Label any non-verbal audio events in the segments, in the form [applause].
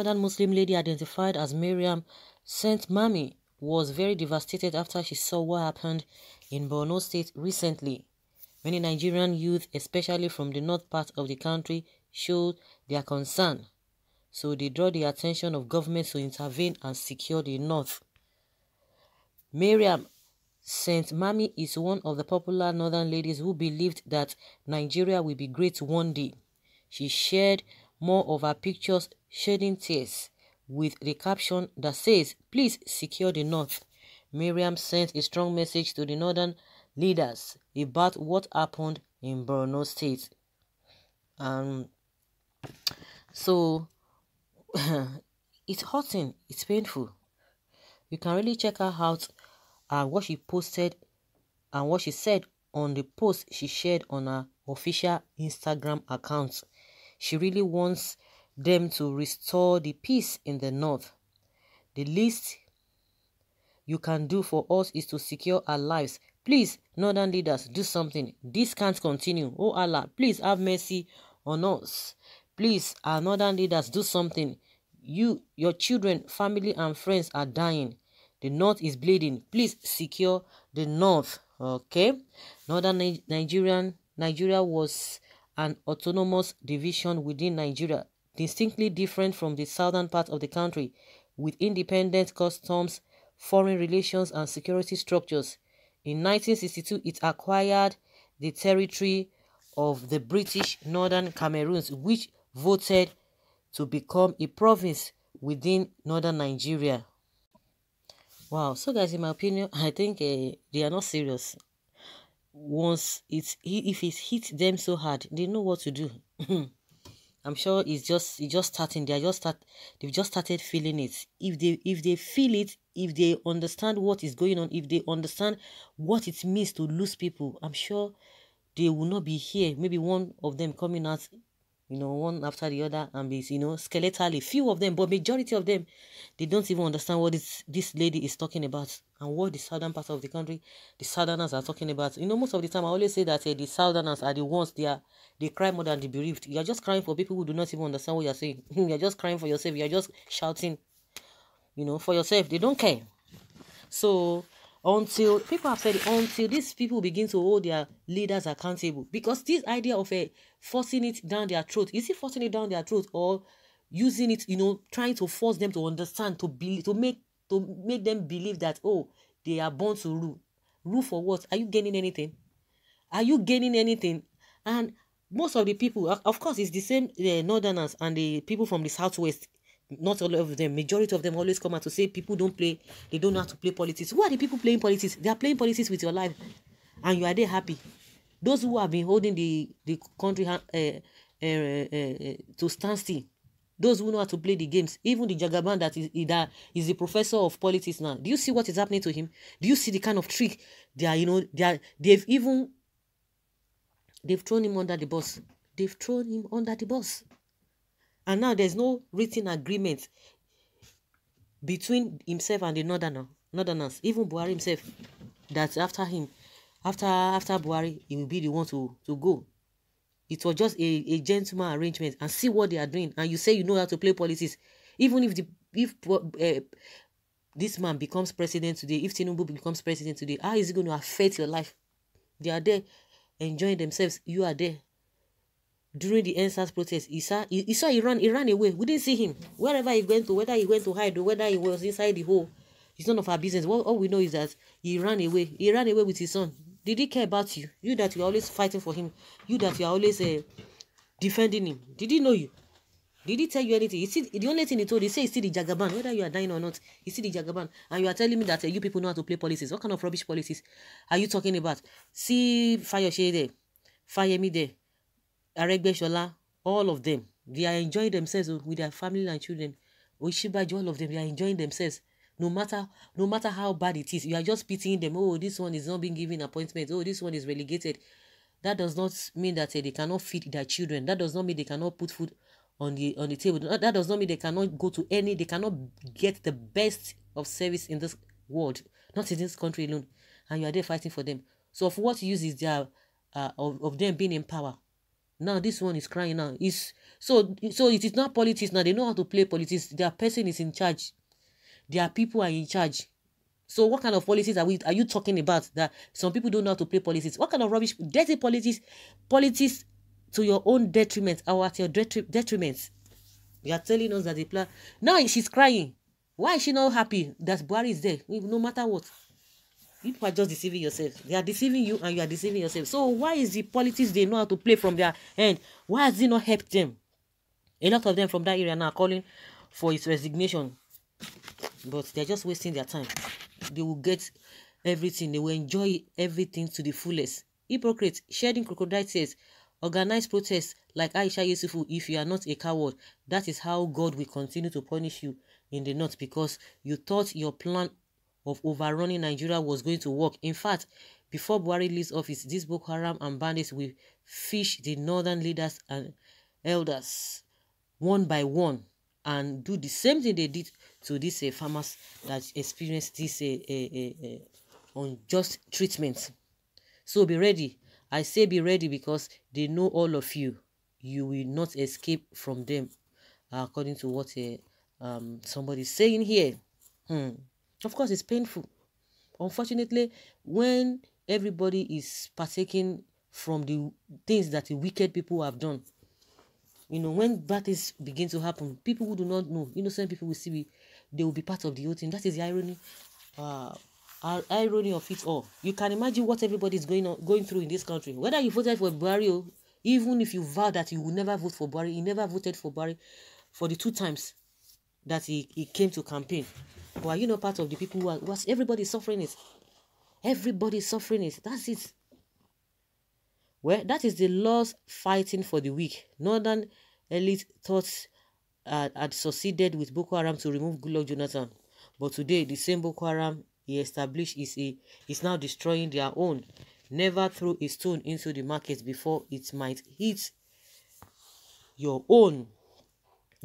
Ugandan Muslim lady identified as Miriam Saint Mami was very devastated after she saw what happened in Borno State recently. Many Nigerian youth, especially from the north part of the country, showed their concern. So they draw the attention of government to intervene and secure the north. Miriam Saint Mami is one of the popular northern ladies who believed that Nigeria will be great one day. She shared more of her pictures shedding tears, with the caption that says, Please secure the North. Miriam sent a strong message to the northern leaders about what happened in Borno State. Um, so, [laughs] it's hurting, it's painful. You can really check her out and uh, what she posted and what she said on the post she shared on her official Instagram account. She really wants them to restore the peace in the north. The least you can do for us is to secure our lives. Please, northern leaders, do something. This can't continue. Oh Allah, please have mercy on us. Please, our northern leaders, do something. You, your children, family, and friends are dying. The north is bleeding. Please secure the north. Okay, northern Nigerian Nigeria was an autonomous division within Nigeria, distinctly different from the southern part of the country, with independent customs, foreign relations and security structures. In 1962, it acquired the territory of the British Northern Cameroons, which voted to become a province within northern Nigeria. Wow, so guys, in my opinion, [laughs] I think uh, they are not serious once it's if it hit them so hard, they know what to do. [laughs] I'm sure it's just it's just starting. They are just start they've just started feeling it. If they if they feel it, if they understand what is going on, if they understand what it means to lose people, I'm sure they will not be here. Maybe one of them coming out you know, one after the other, and be you know, skeletally, few of them, but majority of them, they don't even understand what this, this lady is talking about and what the southern part of the country, the southerners are talking about. You know, most of the time, I always say that uh, the southerners are the ones, they are, they cry more than the bereaved. You are just crying for people who do not even understand what you are saying. [laughs] you are just crying for yourself. You are just shouting, you know, for yourself. They don't care. So, until people have said it, until these people begin to hold their leaders accountable because this idea of a uh, eh, forcing it down their throat is it forcing it down their throat or using it you know trying to force them to understand to believe to make to make them believe that oh they are born to rule rule for what are you gaining anything are you gaining anything and most of the people of course it's the same the eh, northerners and the people from the southwest not all of them, majority of them always come out to say people don't play, they don't know how to play politics. Who are the people playing politics? They are playing politics with your life, and you are there happy. Those who have been holding the the country uh, uh, uh, to stand still, those who know how to play the games, even the Jagaban that is that is the professor of politics now. Do you see what is happening to him? Do you see the kind of trick they are? You know they are. They've even they've thrown him under the bus. They've thrown him under the bus and now there's no written agreement between himself and the northerner, northerners, even Buhari himself, that after him, after after Buhari, he will be the one to, to go. It was just a, a gentleman arrangement and see what they are doing. And you say you know how to play politics. Even if the if uh, this man becomes president today, if Tinubu becomes president today, how is it going to affect your life? They are there enjoying themselves. You are there during the NSAS protest, he saw, he, he saw he ran, he ran away. We didn't see him. Wherever he went to, whether he went to hide or whether he was inside the hole, it's none of our business. What, all we know is that he ran away. He ran away with his son. Did he care about you? You that you are always fighting for him. You that you are always uh, defending him. Did he know you? Did he tell you anything? He it the only thing he told you? Say, see the Jagaban, whether you are dying or not. You see the Jagaban, and you are telling me that uh, you people know how to play policies. What kind of rubbish policies are you talking about? See Fire Shade there, Fire Me there. Aregbeshola, all of them, they are enjoying themselves oh, with their family and children. Oshibaji, all of them, they are enjoying themselves. No matter, no matter how bad it is, you are just pitying them. Oh, this one is not being given appointment. Oh, this one is relegated. That does not mean that uh, they cannot feed their children. That does not mean they cannot put food on the on the table. That does not mean they cannot go to any. They cannot get the best of service in this world, not in this country alone. And you are there fighting for them. So, of what use is there uh, of, of them being in power? Now this one is crying now. Is so so it is not politics now. They know how to play politics. Their person is in charge. Their people are in charge. So what kind of policies are we are you talking about that some people don't know how to play policies? What kind of rubbish dirty politics, politics to your own detriment or at your detriment? You are telling us that the plan now she's crying. Why is she not happy that Buhari is there? No matter what. people are just deceiving yourself they are deceiving you and you are deceiving yourself so why is the politics they know how to play from their end why has it not helped them a lot of them from that area now are calling for his resignation but they're just wasting their time they will get everything they will enjoy everything to the fullest hypocrites shedding crocodile tears organize protests like aisha yusufu if you are not a coward that is how god will continue to punish you in the north because you thought your plan of overrunning Nigeria was going to work. In fact, before Buhari leaves office, these Boko Haram and bandits will fish the northern leaders and elders one by one and do the same thing they did to these uh, farmers that experienced this uh, uh, uh, uh unjust treatment. So be ready. I say be ready because they know all of you. You will not escape from them, according to what uh, um, somebody is saying here. Hmm. Of course, it's painful. Unfortunately, when everybody is partaking from the things that the wicked people have done, you know, when bad things begin to happen, people who do not know, innocent people will see, we, they will be part of the whole thing. That is the irony. Uh, uh, irony of it all. You can imagine what everybody is going on, going through in this country. Whether you voted for Buhari, even if you vow that you will never vote for Barry, you never voted for Barry, for the two times that he, he came to campaign. But are you not part of the people who are, who everybody suffering is, Everybody suffering is That's it. Well, that is the laws fighting for the weak. Northern elite thought uh, had succeeded with Boko Haram to remove Goodluck Jonathan. But today, the same Boko Haram he established is, a, is now destroying their own. Never throw a stone into the market before it might hit your own.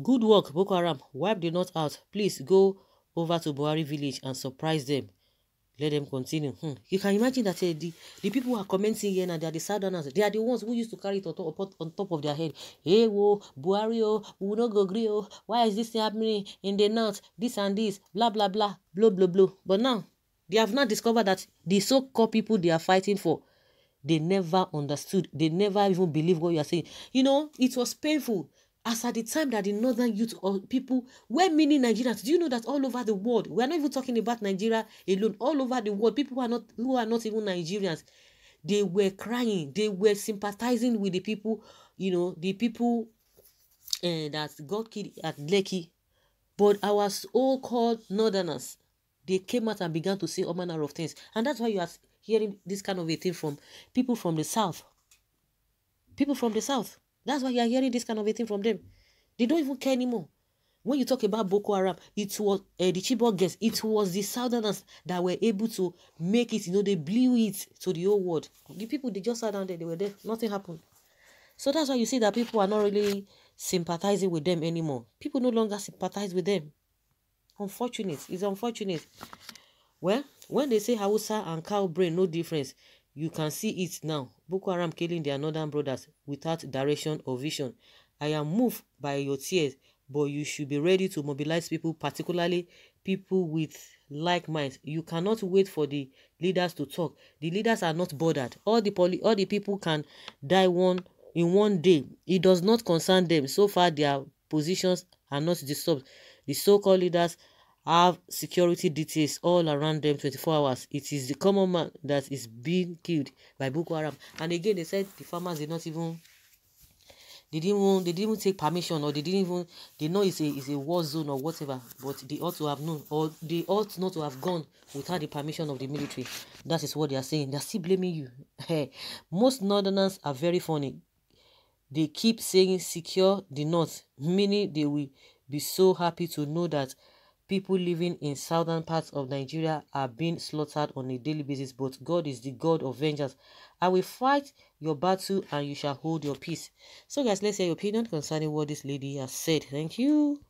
Good work, Boko Haram. Wipe the knot out. Please go over to Buhari village and surprise them. Let them continue. Hmm. You can imagine that uh, the, the people who are commenting here now, they are the southerners. They are the ones who used to carry it on top, on top of their head. Hey, wo, Buhari, oh, we will not go agree, oh. Why is this happening in the north? This and this, blah, blah, blah, blah, blah, blah. But now, they have not discovered that the so-called people they are fighting for, they never understood. They never even believe what you are saying. You know, it was painful as at the time that the northern youth or people were many Nigerians. Do you know that all over the world, we are not even talking about Nigeria alone, all over the world, people who are not who are not even Nigerians, they were crying, they were sympathizing with the people, you know, the people uh, that got killed at Lekki. But our so-called northerners, they came out and began to say all manner of things. And that's why you are hearing this kind of a thing from people from the south. People from the south. That's why you are hearing this kind of a thing from them. They don't even care anymore. When you talk about Boko Haram, it was uh, the Chibok guess, it was the Southerners that were able to make it, you know, they blew it to the whole world. The people, they just sat down there, they were there, nothing happened. So that's why you see that people are not really sympathizing with them anymore. People no longer sympathize with them. Unfortunate. It's unfortunate. Well, when they say Hausa and cow brain, no difference. You can see it now. Boko Haram killing their northern brothers without direction or vision. I am moved by your tears, but you should be ready to mobilize people, particularly people with like minds. You cannot wait for the leaders to talk. The leaders are not bothered. All the poly, all the people can die one in one day. It does not concern them. So far, their positions are not disturbed. The so-called leaders have security details all around them 24 hours. It is the common man that is being killed by Boko Haram. And again, they said the farmers did not even they didn't even, they didn't even take permission or they didn't even they know it's a it's a war zone or whatever, but they ought to have known or they ought not to have gone without the permission of the military. That is what they are saying. They are still blaming you. [laughs] Most northerners are very funny. They keep saying secure the north, meaning they will be so happy to know that People living in southern parts of Nigeria are being slaughtered on a daily basis, but God is the God of vengeance. I will fight your battle and you shall hold your peace. So guys, let's hear your opinion concerning what this lady has said. Thank you.